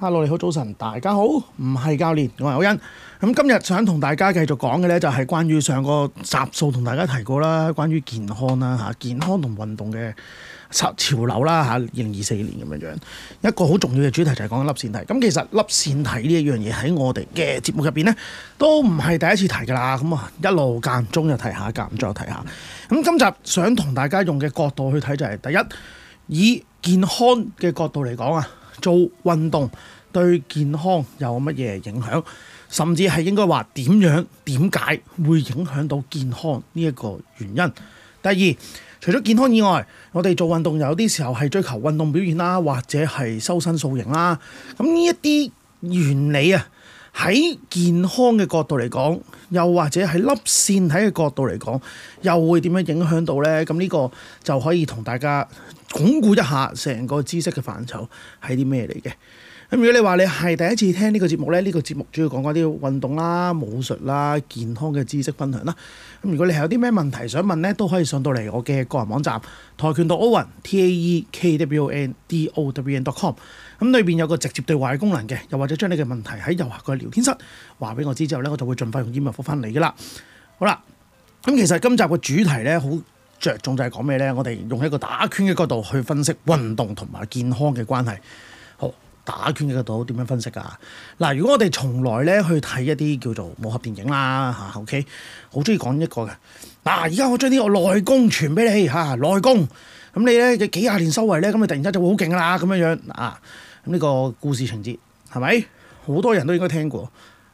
Hello，你好早晨，大家好，唔係教練，我係歐恩。咁今日想同大家繼續講嘅呢，就係關於上個集數同大家提過啦，關於健康啦，吓健康同運動嘅潮流啦，吓二零二四年咁樣樣。一個好重要嘅主題就係講粒線體。咁其實粒線體呢一樣嘢喺我哋嘅節目入邊呢，都唔係第一次提噶啦。咁啊，一路間中又提下，間唔中又提下。咁今集想同大家用嘅角度去睇就係、是，第一以健康嘅角度嚟講啊。做運動對健康有乜嘢影響？甚至係應該話點樣、點解會影響到健康呢一個原因？第二，除咗健康以外，我哋做運動有啲時候係追求運動表現啦，或者係修身塑形啦。咁呢一啲原理啊，喺健康嘅角度嚟講，又或者係粒線體嘅角度嚟講，又會點樣影響到呢？咁呢個就可以同大家。鞏固一下成個知識嘅範疇係啲咩嚟嘅？咁如果你話你係第一次聽呢個節目咧，呢個節目主要講緊啲運動啦、武術啦、健康嘅知識分享啦。咁如果你係有啲咩問題想問咧，都可以上到嚟我嘅個人網站跆拳道奧運 TAEKWONDOWEN.com，咁裏邊有個直接對話嘅功能嘅，又或者將你嘅問題喺右下角嘅聊天室話俾我知之後咧，我就會盡快用 email 復翻你噶啦。好啦，咁其實今集嘅主題咧好。着重就係講咩咧？我哋用一個打圈嘅角度去分析運動同埋健康嘅關係。好，打圈嘅角度點樣分析啊？嗱，如果我哋從來咧去睇一啲叫做武俠電影啦吓 OK 好鍾意講一個嘅。嗱，而家我將呢個內功傳俾你吓，內功咁你咧嘅幾廿年修為咧，咁你突然之間就會好勁啦咁樣樣啊！咁呢個故事情節係咪好多人都應該聽過？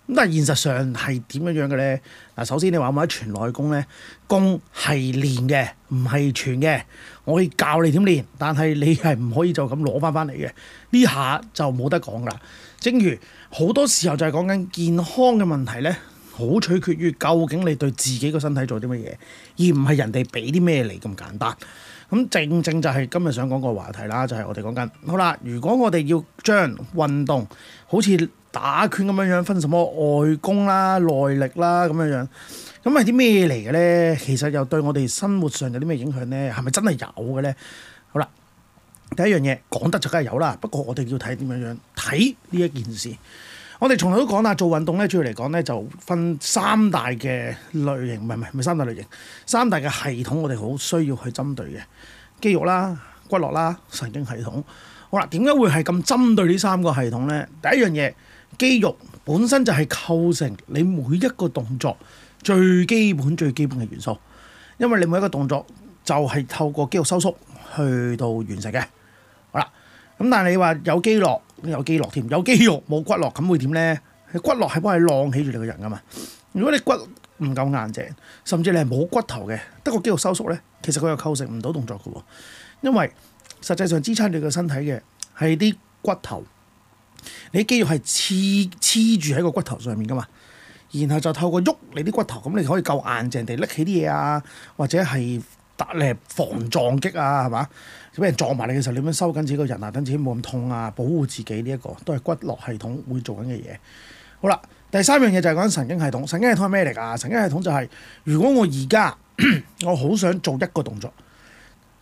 咁但係現實上係點樣樣嘅咧？嗱，首先你話我哋傳內功咧，功係練嘅，唔係傳嘅。我可以教你點練，但係你係唔可以就咁攞翻翻嚟嘅。呢下就冇得講啦。正如好多時候就係講緊健康嘅問題咧，好取決於究竟你對自己個身體做啲乜嘢，而唔係人哋俾啲咩嚟咁簡單。咁正正就係今日想講個話題啦，就係我哋講緊。好啦，如果我哋要將運動好似打拳咁樣樣，分什麼外功啦、啊、內力啦咁樣樣。咁係啲咩嚟嘅呢？其實又對我哋生活上有啲咩影響呢？係咪真係有嘅呢？好啦，第一樣嘢講得就梗係有啦。不過我哋要睇點樣樣睇呢一件事。我哋從來都講啦，做運動呢，主要嚟講呢，就分三大嘅類型，唔係唔係三大類型，三大嘅系統，我哋好需要去針對嘅肌肉啦、骨骼啦、神經系統。好啦，點解會係咁針對呢三個系統呢？第一樣嘢，肌肉本身就係構成你每一個動作最基本最基本嘅元素，因為你每一個動作就係透過肌肉收縮去到完成嘅。好啦，咁但係你話有肌肉有肌肉添，有肌肉冇骨骼，咁會點呢？你骨骼係幫你晾起住你個人噶嘛。如果你骨唔夠硬淨，甚至你係冇骨頭嘅，得個肌肉收縮呢，其實佢又構成唔到動作嘅喎，因為實際上支撐你個身體嘅係啲骨頭，你肌肉係黐黐住喺個骨頭上面噶嘛，然後就透過喐你啲骨頭，咁你可以夠硬淨地拎起啲嘢啊，或者係達嚟防撞擊啊，係嘛？俾人撞埋你嘅時候，點樣收緊自己個人啊，等自己冇咁痛啊，保護自己呢、這、一個都係骨骼系統會做緊嘅嘢。好啦，第三樣嘢就係講緊神經系統，神經系統係咩嚟㗎？神經系統就係、是、如果我而家 我好想做一個動作。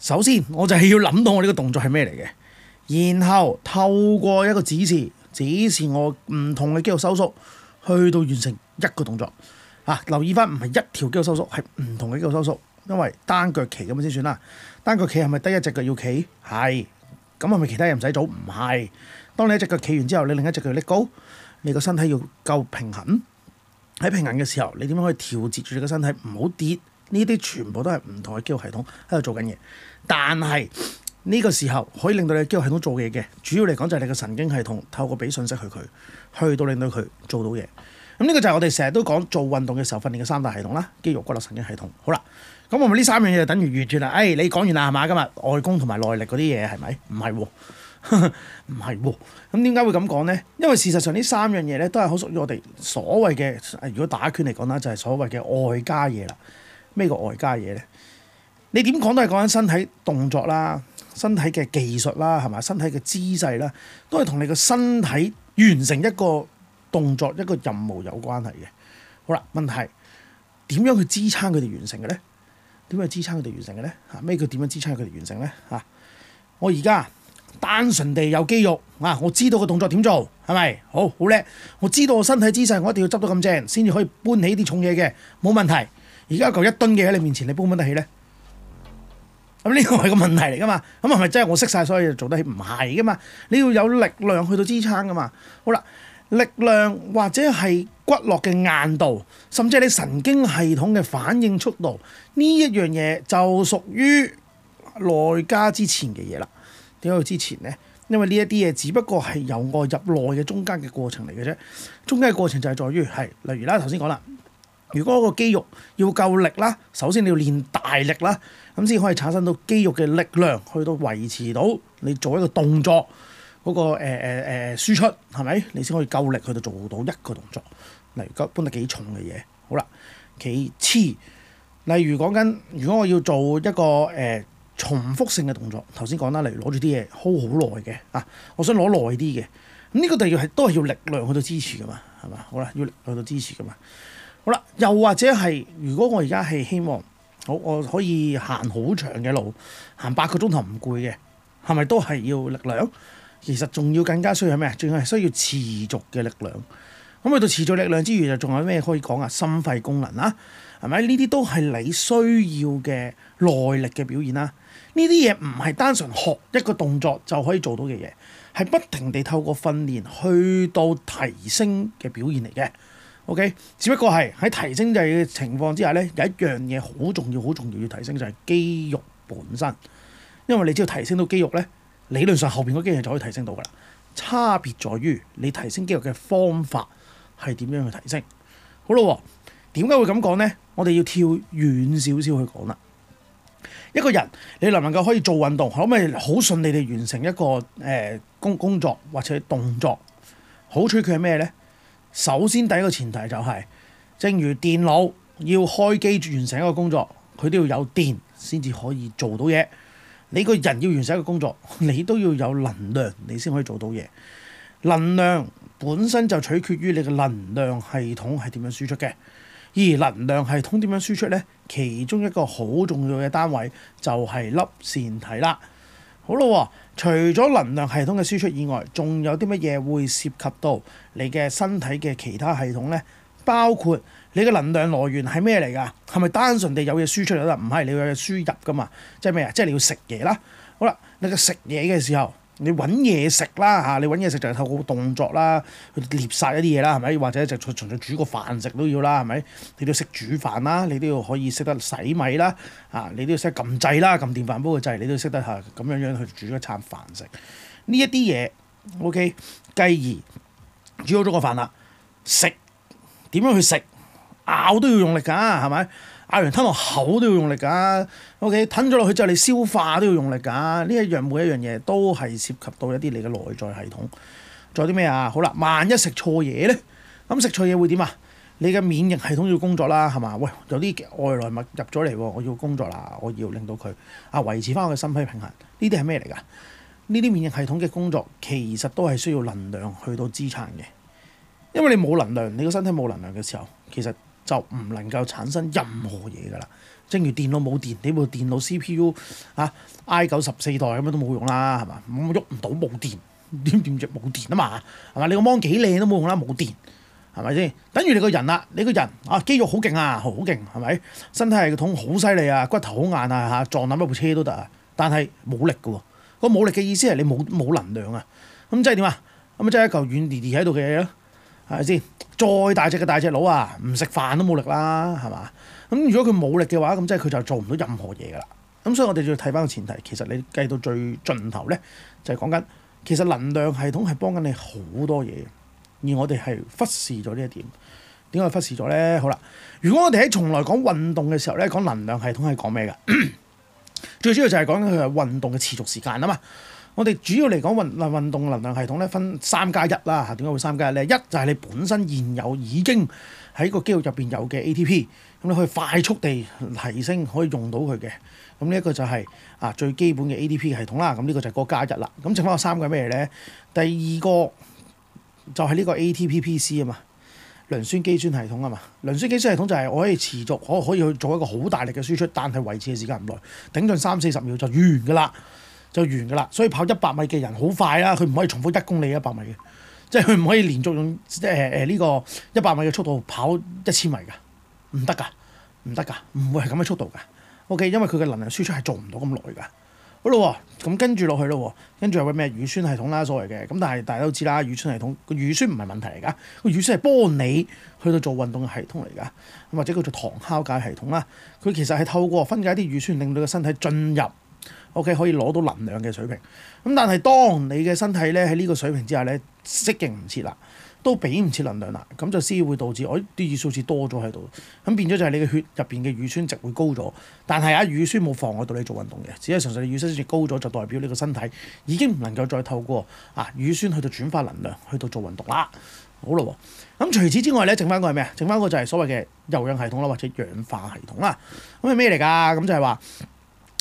首先，我就係要諗到我呢個動作係咩嚟嘅，然後透過一個指示，指示我唔同嘅肌肉收縮，去到完成一個動作。嚇、啊，留意翻唔係一條肌肉收縮，係唔同嘅肌肉收縮。因為單腳企咁先算啦。單腳企係咪得一隻腳要企？係。咁係咪其他嘢唔使做？唔係。當你一隻腳企完之後，你另一隻腳拎高，你個身體要夠平衡。喺平衡嘅時候，你點樣可以調節住你個身體唔好跌？呢啲全部都係唔同嘅肌肉系統喺度做緊嘢，但係呢、呢個時候可以令到你嘅肌肉系統做嘢嘅主要嚟講就係你嘅神經系統透過俾信息去佢，去到令到佢做到嘢。咁、嗯、呢、呢個就係我哋成日都講做運動嘅時候訓練嘅三大系統啦，肌肉、骨骼、神經系統。好啦，咁我咪呢三樣嘢就等於完咗啦。誒、哎，你講完啦係嘛？今日外功同埋內力嗰啲嘢係咪？唔係喎，唔係喎。咁點解會咁講呢？因為事實上呢三樣嘢咧都係好屬於我哋所謂嘅，如果打拳嚟講啦，就係、是、所謂嘅外家嘢啦。咩個外家嘢咧？你點講都係講緊身體動作啦、身體嘅技術啦、係咪？身體嘅姿勢啦，都係同你個身體完成一個動作、一個任務有關係嘅。好啦，問題點樣去支撐佢哋完成嘅咧？點樣支撐佢哋完成嘅咧？嚇，咩叫點樣支撐佢哋完成咧？嚇，我而家單純地有肌肉啊！我知道個動作點做，係咪？好好叻！我知道我身體姿勢，我一定要執到咁正，先至可以搬起啲重嘢嘅，冇問題。而家嚿一噸嘅喺你面前，你搬唔得起咧？咁呢個係個問題嚟噶嘛？咁係咪真係我識晒，所以就做得起？唔係噶嘛？你要有力量去到支撐噶嘛？好啦，力量或者係骨骼嘅硬度，甚至係你神經系統嘅反應速度，呢一樣嘢就屬於內家之前嘅嘢啦。點解叫之前呢？因為呢一啲嘢只不過係由外入內嘅中間嘅過程嚟嘅啫。中間嘅過程就係在於係，例如啦，頭先講啦。如果個肌肉要夠力啦，首先你要練大力啦，咁先可以產生到肌肉嘅力量，去到維持到你做一個動作嗰、那個誒誒誒輸出係咪？你先可以夠力去到做到一個動作。例如搬得幾重嘅嘢，好啦，其次。例如講緊，如果我要做一個誒、呃、重複性嘅動作，頭先講得嚟攞住啲嘢 hold 好耐嘅啊，我想攞耐啲嘅。咁、這、呢個就係都係要力量去到支持㗎嘛，係嘛？好啦，要去到支持㗎嘛。好啦，又或者係如果我而家係希望，好我可以行好長嘅路，行八個鐘頭唔攰嘅，係咪都係要力量？其實仲要更加需要咩？仲要係需要持續嘅力量。咁去到持續力量之餘，就仲有咩可以講啊？心肺功能啦、啊，係咪呢啲都係你需要嘅耐力嘅表現啦、啊？呢啲嘢唔係單純學一個動作就可以做到嘅嘢，係不停地透過訓練去到提升嘅表現嚟嘅。O.K. 只不過係喺提升嘅情況之下咧，有一樣嘢好重要、好重要要提升就係、是、肌肉本身，因為你只要提升到肌肉呢，理論上後邊嗰啲肌肉就可以提升到㗎喇。差別在於你提升肌肉嘅方法係點樣去提升。好啦、哦，點解會咁講呢？我哋要跳遠少少去講啦。一個人你能唔能夠可以做運動，可唔可以好順利地完成一個誒工、呃、工作或者動作？好處佢係咩呢？首先第一個前提就係，正如電腦要開機完成一個工作，佢都要有電先至可以做到嘢。你個人要完成一個工作，你都要有能量，你先可以做到嘢。能量本身就取決於你嘅能量系統係點樣輸出嘅。而能量系統點樣輸出呢？其中一個好重要嘅單位就係粒線體啦。好咯，除咗能量系統嘅輸出以外，仲有啲乜嘢會涉及到你嘅身體嘅其他系統咧？包括你嘅能量來源係咩嚟噶？係咪單純地有嘢輸出就得？唔係你有嘢輸入噶嘛？即係咩啊？即係你要食嘢啦。好啦，你嘅食嘢嘅時候。你揾嘢食啦嚇，你揾嘢食就係透過動作啦，去獵殺一啲嘢啦，係咪？或者就從從煮個飯食都要啦，係咪？你都要識煮飯啦，你都要可以識得洗米啦，嚇、啊！你都要識撳掣啦，撳電飯煲嘅掣，你都要識得嚇咁樣樣去煮一餐飯食。呢一啲嘢 OK，繼而煮好咗個飯啦，食點樣去食？咬都要用力㗎，係咪？咬完吞落口都要用力噶，O.K. 吞咗落去之後你消化都要用力噶，呢一樣每一樣嘢都係涉及到一啲你嘅內在系統。仲有啲咩啊？好啦，萬一食錯嘢呢？咁食錯嘢會點啊？你嘅免疫系統要工作啦，係嘛？喂，有啲外來物入咗嚟，我要工作啦，我要令到佢啊維持翻我嘅身體平衡。呢啲係咩嚟噶？呢啲免疫系統嘅工作其實都係需要能量去到支撐嘅，因為你冇能量，你個身體冇能量嘅時候，其實。就唔能夠產生任何嘢㗎啦，正如電腦冇電，你部電腦 CPU 啊 I 九十四代咁樣都冇用啦，係嘛？冇，喐唔到，冇電，點點着冇電啊嘛嚇，係嘛？你個芒幾靚都冇用啦，冇電，係咪先？等於你個人啦，你個人啊肌肉好勁啊，好勁係咪？身體系統好犀利啊，骨頭好硬啊嚇、啊，撞冧一部車都得啊，但係冇力嘅喎，個冇力嘅意思係你冇冇能量啊，咁即係點啊？咁即係一嚿軟地地喺度嘅嘢咯。係先？再大隻嘅大隻佬啊，唔食飯都冇力啦，係嘛？咁如果佢冇力嘅話，咁即係佢就做唔到任何嘢噶啦。咁所以我哋就要睇翻個前提，其實你計到最盡頭咧，就係講緊其實能量系統係幫緊你好多嘢，而我哋係忽視咗呢一點。點解忽視咗咧？好啦，如果我哋喺從來講運動嘅時候咧，講能量系統係講咩㗎？最主要就係講緊佢運動嘅持續時間啊嘛。我哋主要嚟講運運運動能量系統咧分三加一啦，嚇點解會三加一咧？一就係你本身現有已經喺個肌肉入邊有嘅 ATP，咁你可以快速地提升可以用到佢嘅，咁呢一個就係啊最基本嘅 ATP 系統啦。咁呢個就係嗰加一啦。咁剩翻個三個咩嘢咧？第二個就係呢個 ATP-PC 啊嘛，磷酸肌酸系統啊嘛。磷酸肌酸系統就係我可以持續可可以去做一個好大力嘅輸出，但係維持嘅時間唔耐，頂盡三四十秒就完噶啦，就完㗎啦！所以跑一百米嘅人好快啦，佢唔可以重複一公里一百米嘅，即係佢唔可以連續用即係誒誒呢個一百米嘅速度跑一千米㗎，唔得㗎，唔得㗎，唔會係咁嘅速度㗎。O.K. 因為佢嘅能量輸出係做唔到咁耐㗎。好咯，咁跟住落去咯，跟住有咩乳酸系統啦，所謂嘅。咁但係大家都知啦，乳酸系統個、啊、乳酸唔係問題嚟噶，個乳酸係幫你去到做運動嘅系統嚟噶。咁或者叫做糖酵解系統啦，佢其實係透過分解啲乳酸，令到個身體進入。OK 可以攞到能量嘅水平，咁但係當你嘅身體咧喺呢個水平之下咧適應唔切啦，都俾唔切能量啦，咁就先會導致我啲乳酸似多咗喺度，咁變咗就係你嘅血入邊嘅乳酸值會高咗，但係啊乳酸冇妨礙到你做運動嘅，只係純粹你乳酸值高咗就代表你個身體已經唔能夠再透過啊乳酸去到轉化能量去到做運動啦，好啦，咁除此之外咧，剩翻個係咩啊？剩翻個就係所謂嘅有氧系統啦，或者氧化系統啦，咁係咩嚟㗎？咁就係話。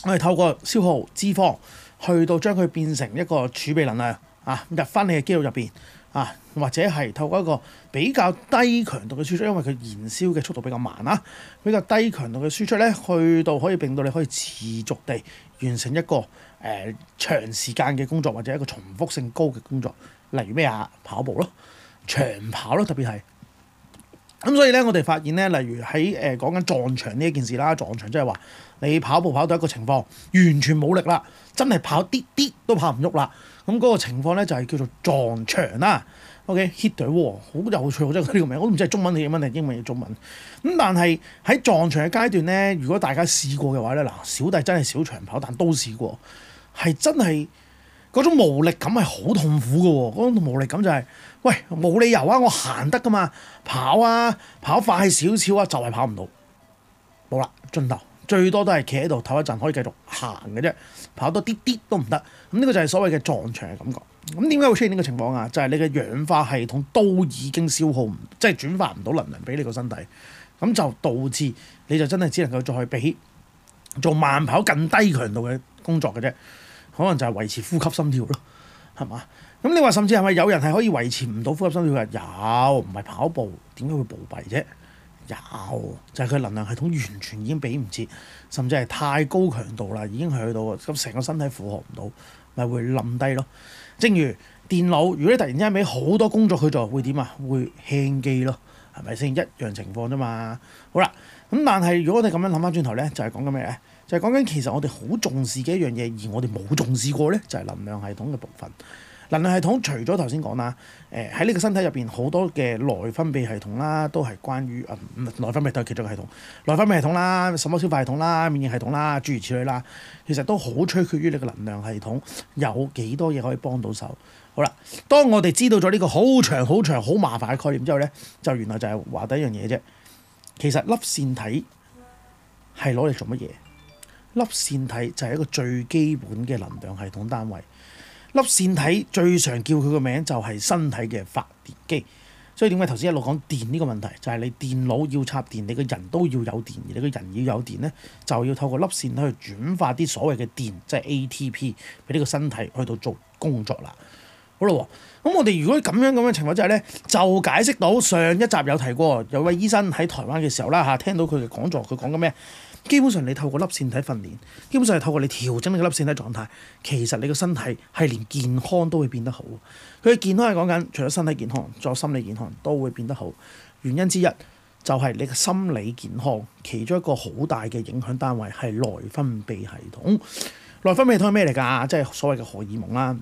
我哋透過消耗脂肪，去到將佢變成一個儲備能量啊，入翻你嘅肌肉入邊啊，或者係透過一個比較低強度嘅輸出，因為佢燃燒嘅速度比較慢啦，比較低強度嘅輸出咧，去到可以令到你可以持續地完成一個誒、呃、長時間嘅工作，或者一個重複性高嘅工作，例如咩啊，跑步咯，長跑咯，特別係。咁所以咧，我哋發現咧，例如喺誒、呃、講緊撞牆呢一件事啦，撞牆即係話你跑步跑到一個情況，完全冇力啦，真係跑啲啲都跑唔喐啦。咁、嗯、嗰、那個情況咧就係叫做撞牆啦。OK，hit、okay? the wall 好有趣，好即係呢個名，我都唔知係中文定英文定英文嘅中文。咁、嗯、但係喺撞牆嘅階段咧，如果大家試過嘅話咧，嗱，小弟真係小長跑，但都試過，係真係嗰種無力感係好痛苦嘅喎，嗰種無力感就係、是。喂，冇理由啊！我行得噶嘛，跑啊，跑快少少啊，就係跑唔到，冇啦，盡頭最多都係企喺度唞一陣，可以繼續行嘅啫，跑多啲啲都唔得。咁呢個就係所謂嘅撞牆嘅感覺。咁點解會出現呢個情況啊？就係你嘅氧化系統都已經消耗唔，即係轉化唔到能量俾你個身體，咁就導致你就真係只能夠再去比做慢跑更低強度嘅工作嘅啫，可能就係維持呼吸心跳咯，係嘛？咁你話，甚至係咪有人係可以維持唔到呼吸心跳嘅？有唔係跑步點解會暴斃啫？有就係、是、佢能量系統完全已經畀唔切，甚至係太高強度啦，已經去到咁成個身體負荷唔到，咪會冧低咯。正如電腦，如果你突然之間畀好多工作去做，會點啊？會輕機咯，係咪先一樣情況啫嘛？好啦，咁但係如果你咁樣諗翻轉頭咧，就係講緊咩咧？就係講緊其實我哋好重視嘅一樣嘢，而我哋冇重視過咧，就係、是、能量系統嘅部分。能量系統除咗頭先講啦，誒喺呢個身體入邊好多嘅內分泌系統啦，都係關於誒內分泌都係其中嘅系統，內分泌系統啦、什麼消化系統啦、免疫系統啦，諸如此類啦，其實都好取決於你嘅能量系統有幾多嘢可以幫到手。好啦，當我哋知道咗呢個好長、好長、好麻煩嘅概念之後咧，就原來就係話第一樣嘢啫。其實粒線體係攞嚟做乜嘢？粒線體就係一個最基本嘅能量系統單位。粒線體最常叫佢個名就係身體嘅發電機，所以點解頭先一路講電呢個問題？就係你電腦要插電，你個人都要有電，而你個人要有電呢，就要透過粒線體去轉化啲所謂嘅電，即係 ATP，俾呢個身體去到做工作啦。好啦，咁我哋如果咁樣咁嘅情況之下呢，就解釋到上一集有提過，有位醫生喺台灣嘅時候啦吓，聽到佢嘅講座，佢講緊咩？基本上你透過粒線體訓練，基本上係透過你調整你粒線體狀態，其實你個身體係連健康都會變得好。佢嘅健康係講緊除咗身體健康，仲有心理健康都會變得好。原因之一就係你嘅心理健康其中一個好大嘅影響單位係內分泌系統。內分泌系統係咩嚟㗎？即係所謂嘅荷爾蒙啦，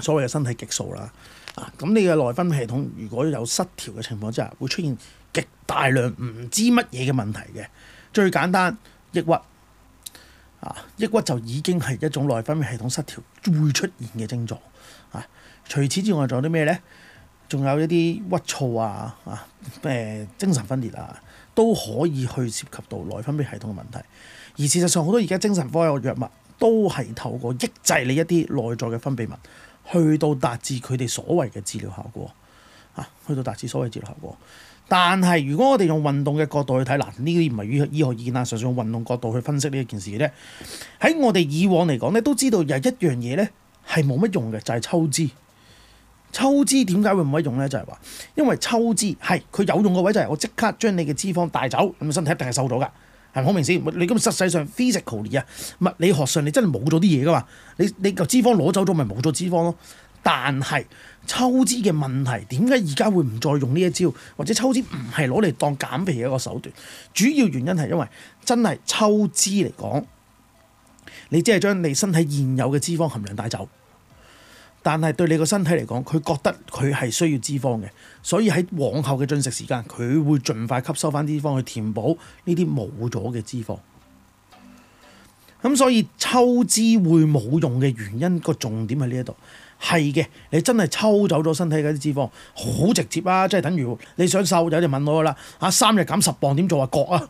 所謂嘅身體激素啦。啊，咁你嘅內分泌系統如果有失調嘅情況之下，會出現極大量唔知乜嘢嘅問題嘅。最簡單，抑鬱、啊、抑鬱就已經係一種內分泌系統失調會出現嘅症狀。除此之外，仲有啲咩呢？仲有一啲鬱燥啊，啊、呃、精神分裂啊，都可以去涉及到內分泌系統嘅問題。而事實上，好多而家精神科嘅藥物都係透過抑制你一啲內在嘅分泌物，去到達至佢哋所謂嘅治療效果啊，去到達至所謂治療效果。啊。但係，如果我哋用運動嘅角度去睇，嗱呢啲唔係醫醫學意見啊，純粹用運動角度去分析呢一件事咧。喺我哋以往嚟講咧，都知道有一樣嘢咧係冇乜用嘅，就係、是、抽脂。抽脂點解會冇乜用咧？就係話，因為抽脂係佢有用嘅位就係我即刻將你嘅脂肪帶走，咁身體一定係瘦咗㗎，係咪好明顯？你咁實際上 physically 啊，物理學上你真係冇咗啲嘢㗎嘛？你你個脂肪攞走咗，咪冇咗脂肪咯。但係抽脂嘅問題，點解而家會唔再用呢一招？或者抽脂唔係攞嚟當減肥嘅一個手段？主要原因係因為真係抽脂嚟講，你只係將你身體現有嘅脂肪含量帶走，但係對你個身體嚟講，佢覺得佢係需要脂肪嘅，所以喺往後嘅進食時間，佢會盡快吸收翻脂肪去填補呢啲冇咗嘅脂肪。咁所以抽脂會冇用嘅原因，個重點喺呢一度。係嘅，你真係抽走咗身體嗰啲脂肪，好直接啊！即係等於你想瘦，有人就問我啦，嚇三日減十磅點做啊？割啊！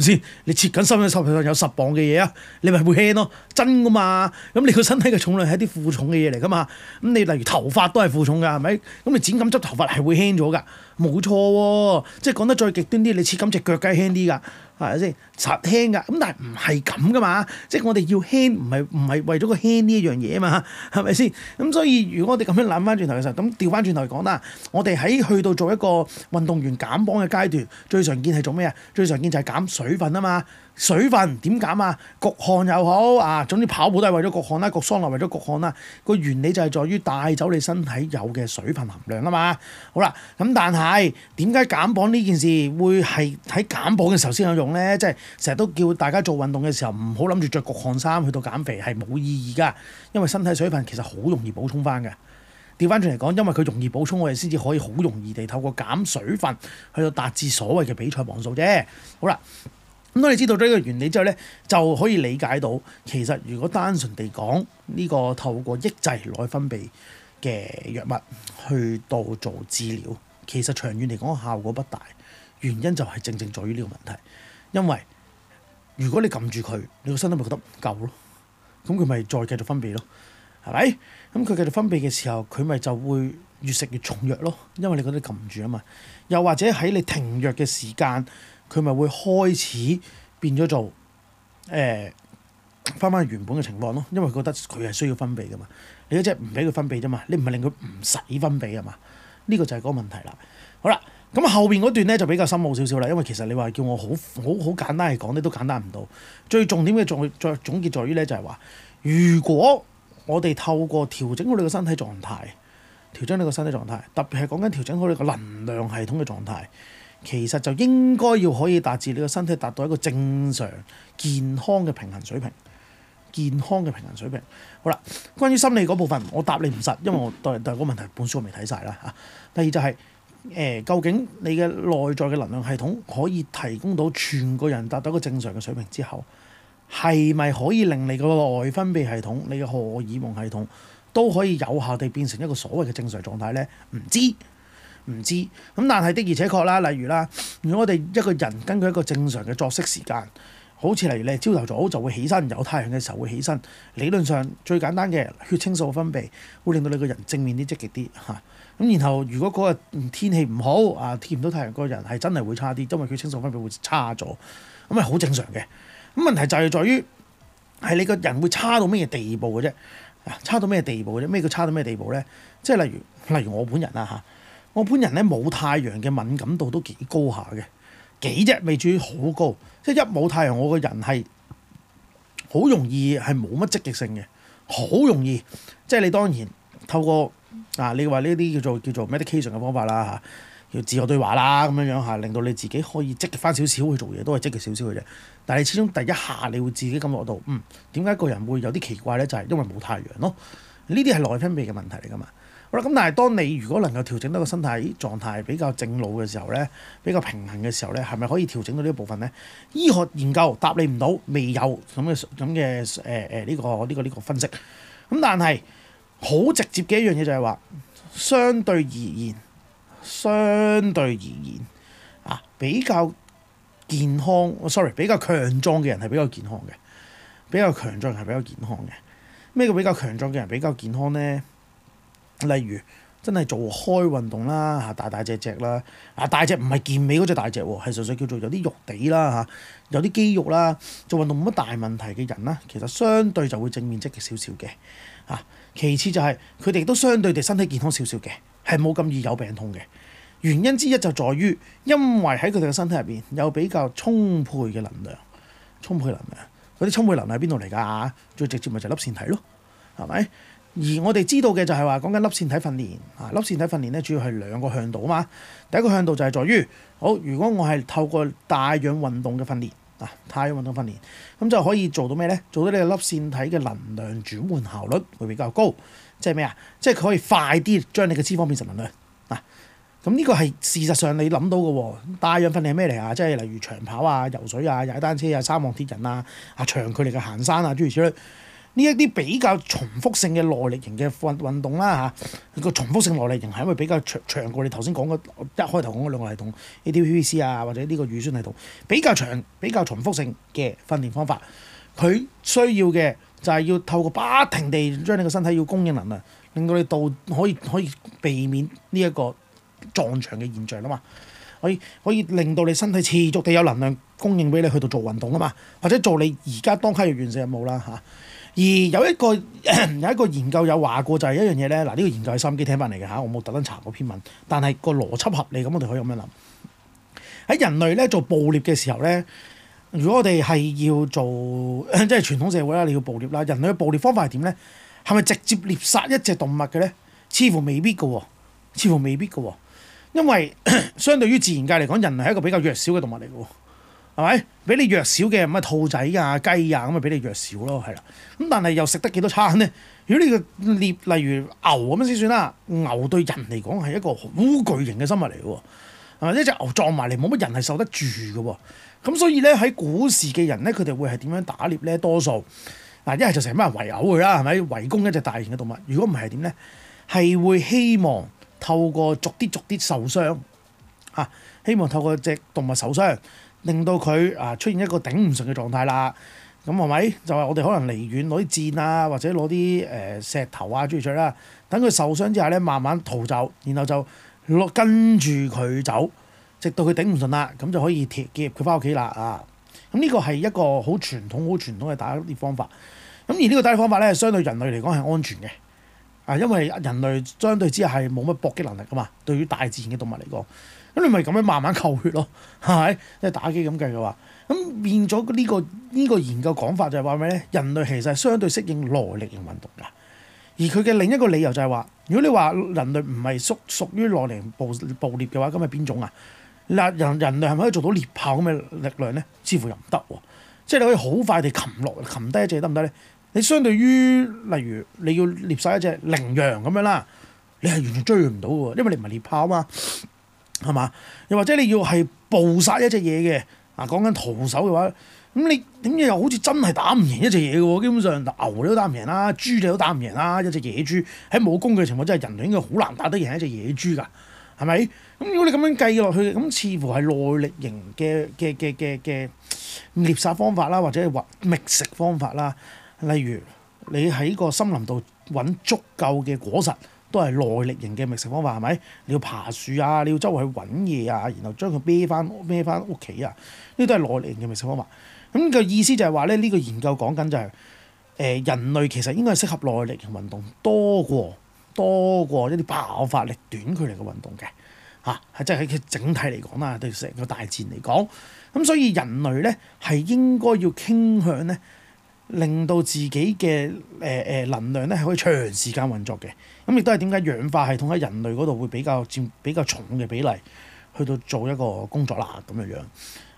先？你切緊身嘅手臂上有十磅嘅嘢啊，你咪會輕咯，真噶嘛？咁你個身體嘅重量係一啲負重嘅嘢嚟噶嘛？咁你例如頭髮都係負重㗎，係咪？咁你剪咁執頭髮係會輕咗㗎，冇錯喎、哦。即係講得再極端啲，你切咁隻腳梗係輕啲㗎，係咪先？實輕㗎。咁但係唔係咁㗎嘛？即係我哋要輕，唔係唔係為咗個輕呢一樣嘢啊嘛？係咪先？咁所以如果我哋咁樣諗翻轉頭嘅時候，咁調翻轉頭嚟講啦，我哋喺去到做一個運動員減磅嘅階段，最常見係做咩啊？最常見就係減。水分啊嘛，水分點減啊？焗汗又好啊，總之跑步都係為咗焗汗啦，焗桑拿為咗焗汗啦。個原理就係在於帶走你身體有嘅水分含量啊嘛。好啦，咁但係點解減磅呢件事會係喺減磅嘅時候先有用呢？即係成日都叫大家做運動嘅時候唔好諗住着焗汗衫去到減肥係冇意義噶，因為身體水分其實好容易補充翻嘅。調翻轉嚟講，因為佢容易補充，我哋先至可以好容易地透過減水分去到達至所謂嘅比賽磅數啫。好啦，咁我哋知道咗呢個原理之後呢，就可以理解到其實如果單純地講呢、呢個透過抑制內分泌嘅藥物去到做治療，其實長遠嚟講效果不大。原因就係正正在於呢個問題，因為如果你撳住佢，你個身體咪覺得唔夠咯，咁佢咪再繼續分泌咯，係咪？咁佢繼續分泌嘅時候，佢咪就會越食越重藥咯，因為你覺得撳唔住啊嘛。又或者喺你停藥嘅時間，佢咪會開始變咗做誒翻翻原本嘅情況咯，因為佢覺得佢係需要分泌嘅嘛。你一隻唔俾佢分泌啫嘛，你唔係令佢唔使分泌啊嘛？呢個就係嗰個問題啦。好啦，咁後邊嗰段咧就比較深奧少少啦，因為其實你話叫我好好好，好簡單嚟講，都簡單唔到。最重點嘅在在總結在於咧，就係話如果。我哋透過調整好你個身體狀態，調整你個身體狀態，特別係講緊調整好你個能量系統嘅狀態，其實就應該要可以達至你個身體達到一個正常健康嘅平衡水平，健康嘅平衡水平。好啦，關於心理嗰部分，我答你唔實，因為我對嗰個問題本書我未睇晒啦嚇。第二就係、是、誒，究竟你嘅內在嘅能量系統可以提供到全個人達到一個正常嘅水平之後，係咪可以令你個內分泌系統、你嘅荷爾蒙系統都可以有效地變成一個所謂嘅正常狀態呢？唔知唔知咁，但係的而且確啦。例如啦，如果我哋一個人根據一個正常嘅作息時間，好似例如你朝頭早就會起身有太陽嘅時候會起身，理論上最簡單嘅血、啊啊、血清素分泌會令到你個人正面啲、積極啲嚇。咁然後如果嗰日天氣唔好啊，見唔到太陽，嗰個人係真係會差啲，因為佢清素分泌會差咗，咁係好正常嘅。咁問題就係在於，係你個人會差到咩地步嘅啫？啊，差到咩地步嘅啫？咩叫差到咩地步咧？即係例如，例如我本人啊嚇，我本人咧，冇太陽嘅敏感度都幾高下嘅，幾啫未至於好高。即係一冇太陽，我個人係好容易係冇乜積極性嘅，好容易。即係你當然透過啊，你話呢啲叫做叫做 medication 嘅方法啦嚇。啊要自我對話啦，咁樣樣吓，令到你自己可以積極返少少去做嘢，都係積極少少嘅啫。但係始終第一下，你會自己感覺到，嗯，點解個人會有啲奇怪咧？就係因為冇太陽咯。呢啲係內分泌嘅問題嚟㗎嘛。好啦，咁但係當你如果能夠調整到個身體狀態比較正路嘅時候咧，比較平衡嘅時候咧，係咪可以調整到呢一部分咧？醫學研究答你唔到，未有咁嘅咁嘅誒誒呢個呢個呢個分析。咁但係好直接嘅一樣嘢就係話，相對而言。相對而言，啊，比較健康，sorry，比較強壯嘅人係比較健康嘅，比較強壯人係比較健康嘅。咩叫比較強壯嘅人比較健康呢？例如真係做開運動啦，嚇大大隻隻啦，啊大隻唔係健美嗰隻大隻喎，係純粹叫做有啲肉地啦，嚇、啊、有啲肌肉啦，做運動冇乜大問題嘅人啦，其實相對就會正面積極少少嘅。啊，其次就係佢哋都相對地身體健康少少嘅。係冇咁易有病痛嘅，原因之一就在於，因為喺佢哋嘅身體入邊有比較充沛嘅能量，充沛能量嗰啲充沛能量喺邊度嚟㗎？最直接咪就係粒線體咯，係咪？而我哋知道嘅就係話講緊粒線體訓練啊，粒線體訓練咧主要係兩個向度啊嘛，第一個向度就係在於，好，如果我係透過帶氧運動嘅訓練。啊！帶氧運動訓練咁就可以做到咩咧？做到你嘅粒線體嘅能量轉換效率會比較高，即係咩啊？即係佢可以快啲將你嘅脂肪變成能量啊！咁呢個係事實上你諗到嘅喎，帶氧訓練係咩嚟啊？即係例如長跑啊、游水啊、踩單車啊、三項鐵人啊、啊長距離嘅行山啊，諸如此類。呢一啲比較重複性嘅耐力型嘅運運動啦，嚇、啊、個重複性耐力型係因為比較長長過你頭先講嘅一開頭講嘅兩個系統 A.T.P.V.C 啊，C，或者呢個乳酸系統比較長、比較重複性嘅訓練方法，佢需要嘅就係要透過不停地將你個身體要供應能量，令到你到可以可以避免呢一個撞牆嘅現象啊嘛，可以可以令到你身體持續地有能量供應俾你去到做運動啊嘛，或者做你而家當刻要完成任務啦嚇。啊啊而有一個有一個研究有話過就係一樣嘢咧，嗱、這、呢個研究係心機聽翻嚟嘅嚇，我冇特登查過篇文，但係個邏輯合理，咁我哋可以咁樣諗，喺人類咧做捕獵嘅時候咧，如果我哋係要做即係傳統社會啦，你要捕獵啦，人類嘅捕獵方法係點咧？係咪直接獵殺一隻動物嘅咧？似乎未必㗎喎，似乎未必㗎喎，因為相對於自然界嚟講，人類係一個比較弱小嘅動物嚟嘅喎。係咪？比你弱小嘅咁啊，兔仔啊、雞啊，咁咪比你弱小咯，係啦。咁但係又食得幾多餐咧？如果你個獵例如牛咁樣先算啦，牛對人嚟講係一個好巨型嘅生物嚟嘅喎，係、啊、咪？一隻牛撞埋嚟冇乜人係受得住嘅喎。咁、啊、所以咧喺古時嘅人咧，佢哋會係點樣打獵咧？多數嗱一係就成班人圍毆佢啦，係咪？圍攻一隻大型嘅動物。如果唔係點咧，係會希望透過逐啲逐啲受傷嚇、啊，希望透過隻動物受傷。令到佢啊出現一個頂唔順嘅狀態啦，咁係咪就係、是、我哋可能離遠攞啲箭啊，或者攞啲誒石頭啊，諸如此類啦。等佢受傷之後咧，慢慢逃走，然後就落跟住佢走，直到佢頂唔順啦，咁就可以劫劫佢返屋企啦啊！咁呢個係一個好傳統、好傳統嘅打獵方法。咁而呢個打獵方法咧，相對人類嚟講係安全嘅啊，因為人類相對之下係冇乜搏擊能力㗎嘛，對於大自然嘅動物嚟講。咁你咪咁樣慢慢扣血咯，係咪？即係打機咁計嘅話，咁變咗呢個呢個研究講法就係話咩咧？人類其實係相對適應耐力型運動㗎。而佢嘅另一個理由就係話，如果你話人類唔係屬屬於耐力型捕捕獵嘅話，咁係邊種啊？嗱，人人類係咪可以做到獵豹咁嘅力量咧？似乎又唔得喎。即係你可以好快地擒落擒低一隻得唔得咧？你相對於例如你要獵殺一隻羚羊咁樣啦，你係完全追唔到㗎，因為你唔係獵豹啊嘛。係嘛？又或者你要係暴殺一隻嘢嘅？嗱、啊，講緊徒手嘅話，咁你點解又好似真係打唔贏一隻嘢嘅喎？基本上牛你都打唔贏啦，豬你都打唔贏啦，一隻野豬喺冇工具嘅情況真係人類應該好難打得贏一隻野豬㗎，係咪？咁、嗯、如果你咁樣計落去，咁似乎係耐力型嘅嘅嘅嘅嘅獵殺方法啦，或者係或覓食方法啦，例如你喺個森林度揾足夠嘅果實。都係耐力型嘅覓食方法係咪？你要爬樹啊，你要周圍去揾嘢啊，然後將佢孭翻孭翻屋企啊，呢啲都係耐力型嘅覓食方法。咁、嗯、嘅、這個、意思就係話咧，呢、這個研究講緊就係，誒、呃、人類其實應該係適合耐力型運動多過多過一啲爆發力短距離嘅運動嘅，嚇、啊、係即係喺佢整體嚟講啦，對成個大自然嚟講，咁、嗯、所以人類咧係應該要傾向咧。令到自己嘅誒誒能量咧係可以長時間運作嘅，咁亦都係點解氧化系統喺人類嗰度會比較佔比較重嘅比例，去到做一個工作啦咁樣樣。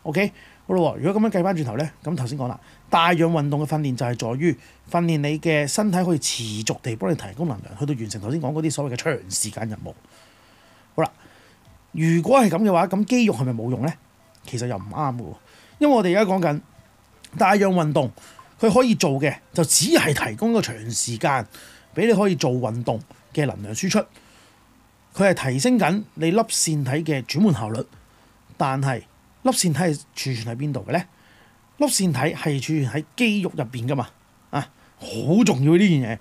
OK，好啦，如果咁樣計翻轉頭咧，咁頭先講啦，帶氧運動嘅訓練就係在於訓練你嘅身體可以持續地幫你提供能量，去到完成頭先講嗰啲所謂嘅長時間任務。好啦，如果係咁嘅話，咁肌肉係咪冇用咧？其實又唔啱嘅，因為我哋而家講緊帶氧運動。佢可以做嘅就只係提供個長時間俾你可以做運動嘅能量輸出，佢係提升緊你粒線體嘅轉換效率。但係粒線體係儲存喺邊度嘅咧？粒線體係儲存喺肌肉入邊噶嘛？啊，好重要呢樣嘢！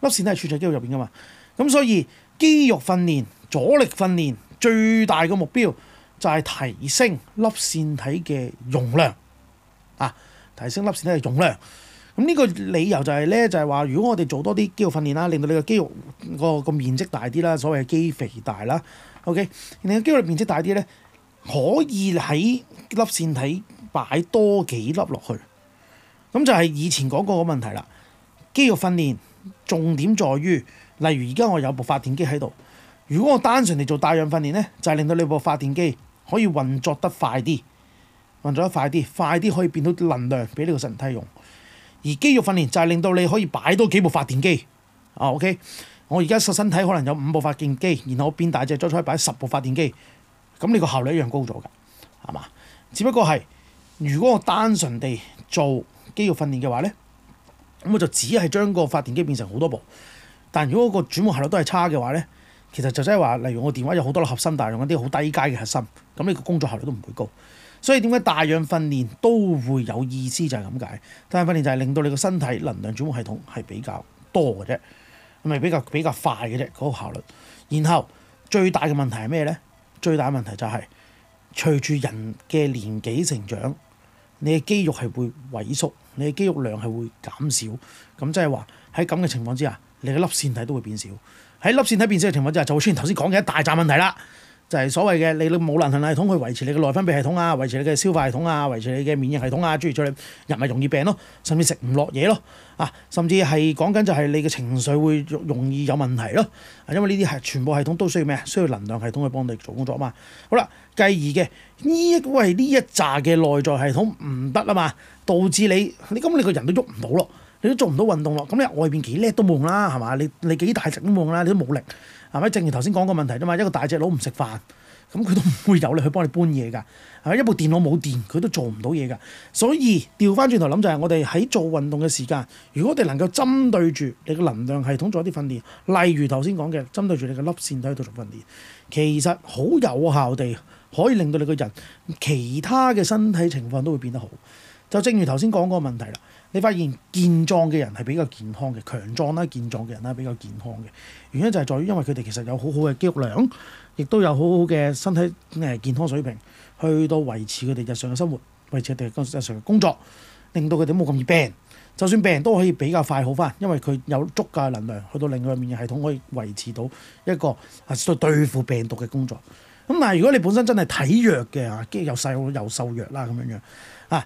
粒線體係儲在肌肉入邊噶嘛？咁所以肌肉訓練、阻力訓練最大嘅目標就係提升粒線體嘅容量啊！提升粒線體嘅容量。咁呢個理由就係咧，就係話如果我哋做多啲肌肉訓練啦，令到你個肌肉個個面積大啲啦，所謂肌肥大啦，OK，令個肌肉面積大啲咧，可以喺粒線體擺多幾粒落去。咁就係以前講過個問題啦。肌肉訓練重點在於，例如而家我有部發電機喺度，如果我單純地做帶氧訓練咧，就係令到你部發電機可以運作得快啲，運作得快啲，快啲可以變到能量俾你個身體用。而肌肉訓練就係令到你可以擺多幾部發電機，啊 OK，我而家個身體可能有五部發電機，然後我變大隻再出去擺十部發電機，咁你個效率一樣高咗㗎，係嘛？只不過係如果我單純地做肌肉訓練嘅話咧，咁我就只係將個發電機變成好多部，但如果個轉換效率都係差嘅話咧，其實就即係話，例如我電話有好多粒核心，但係用緊啲好低階嘅核心，咁你個工作效率都唔會高。所以點解帶氧訓練都會有意思就係咁解？帶氧訓練就係令到你個身體能量轉換系統係比較多嘅啫，係咪比較比較快嘅啫嗰個效率？然後最大嘅問題係咩呢？最大嘅問，問題就係、是、隨住人嘅年紀成長，你嘅肌肉係會萎縮，你嘅肌肉量係會減少。咁即係話喺咁嘅情況之下，你嘅粒線體都會變少。喺粒線體變少嘅情況之下，就會出現頭先講嘅一大紮問題啦。就係所謂嘅，你冇能量系統去維持你嘅內分泌系統啊，維持你嘅消化系統啊，維持你嘅免疫系統啊，諸如此類，你人咪容易病咯，甚至食唔落嘢咯，啊，甚至係講緊就係你嘅情緒會容易有問題咯，啊，因為呢啲係全部系統都需要咩？需要能量系統去幫你做工作嘛。好啦，繼而嘅呢一個呢一紮嘅內在系統唔得啊嘛，導致你你咁你個人都喐唔到咯，你都做唔到運動咯，咁你外邊幾叻都冇用啦，係嘛？你你幾大隻都冇用啦，你都冇力。係咪？正如頭先講個問題啫嘛，一個大隻佬唔食飯，咁佢都唔會有力去幫你搬嘢㗎。係咪？一部電腦冇電，佢都做唔到嘢㗎。所以調翻轉頭諗就係、是、我哋喺做運動嘅時間，如果我哋能夠針對住你嘅能量系統做一啲訓練，例如頭先講嘅，針對住你嘅粒線體喺度做訓練，其實好有效地可以令到你個人其他嘅身體情況都會變得好。就正如頭先講個問題啦。你發現健壯嘅人係比較健康嘅，強壯啦、健壯嘅人啦，比較健康嘅，原因就係在於因為佢哋其實有好好嘅肌肉量，亦都有好好嘅身體誒，健康水平，去到維持佢哋日常嘅生活，維持佢哋日常嘅工作，令到佢哋冇咁易病，就算病人都可以比較快好返，因為佢有足夠嘅能量去到令佢嘅免疫系統可以維持到一個啊，對付病毒嘅工作。咁但係如果你本身真係體弱嘅啊，跟住又細又瘦弱啦咁樣樣啊。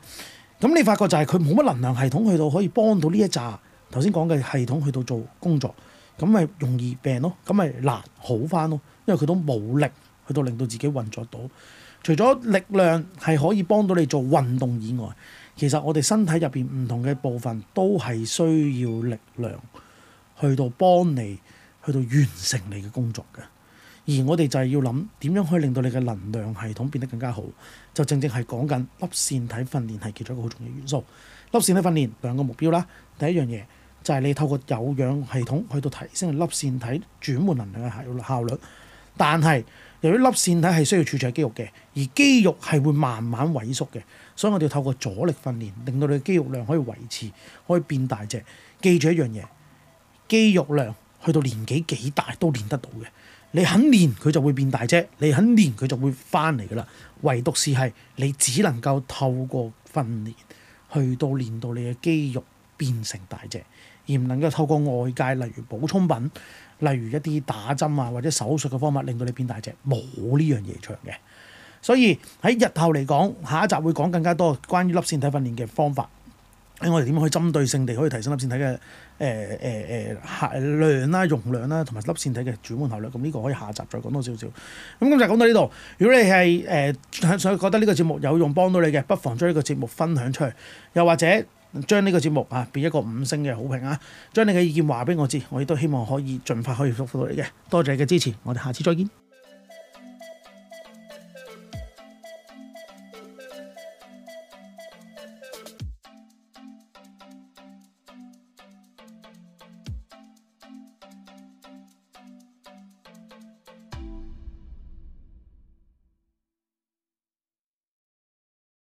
咁你發覺就係佢冇乜能量系統去到可以幫到呢一揸頭先講嘅系統去到做工作，咁咪容易病咯，咁咪難好翻咯，因為佢都冇力去到令到自己運作到。除咗力量係可以幫到你做運動以外，其實我哋身體入邊唔同嘅部分都係需要力量去到幫你去到完成你嘅工作嘅。而我哋就係要諗點樣可以令到你嘅能量系統變得更加好，就正正係講緊粒線體訓練係其中一個好重要元素。粒線體訓練兩個目標啦，第一樣嘢就係你透過有氧系統去到提升粒線體轉換能量嘅效效率，但係由於粒線體係需要儲存喺肌肉嘅，而肌肉係會慢慢萎縮嘅，所以我哋要透過阻力訓練令到你嘅肌肉量可以維持，可以變大隻。記住一樣嘢，肌肉量去到年紀幾大都練得到嘅。你肯練佢就會變大隻，你肯練佢就會返嚟㗎喇。唯獨是係你只能夠透過訓練去到練到你嘅肌肉變成大隻，而唔能夠透過外界例如補充品、例如一啲打針啊或者手術嘅方法令到你變大隻，冇呢樣嘢長嘅。所以喺日後嚟講，下一集會講更加多關於粒線體訓練嘅方法。嗯、我哋點樣可以針對性地可以提升粒線體嘅誒誒誒含量啦、啊、容量啦、啊，同埋粒線體嘅轉換效率，咁、這、呢個可以下集再講多少少。咁、嗯、今日就講到呢度。如果你係誒想覺得呢個節目有用，幫到你嘅，不妨將呢個節目分享出去，又或者將呢個節目啊，俾一個五星嘅好評啊，將你嘅意見話俾我知，我亦都希望可以盡快可以服務到你嘅。多謝你嘅支持，我哋下次再見。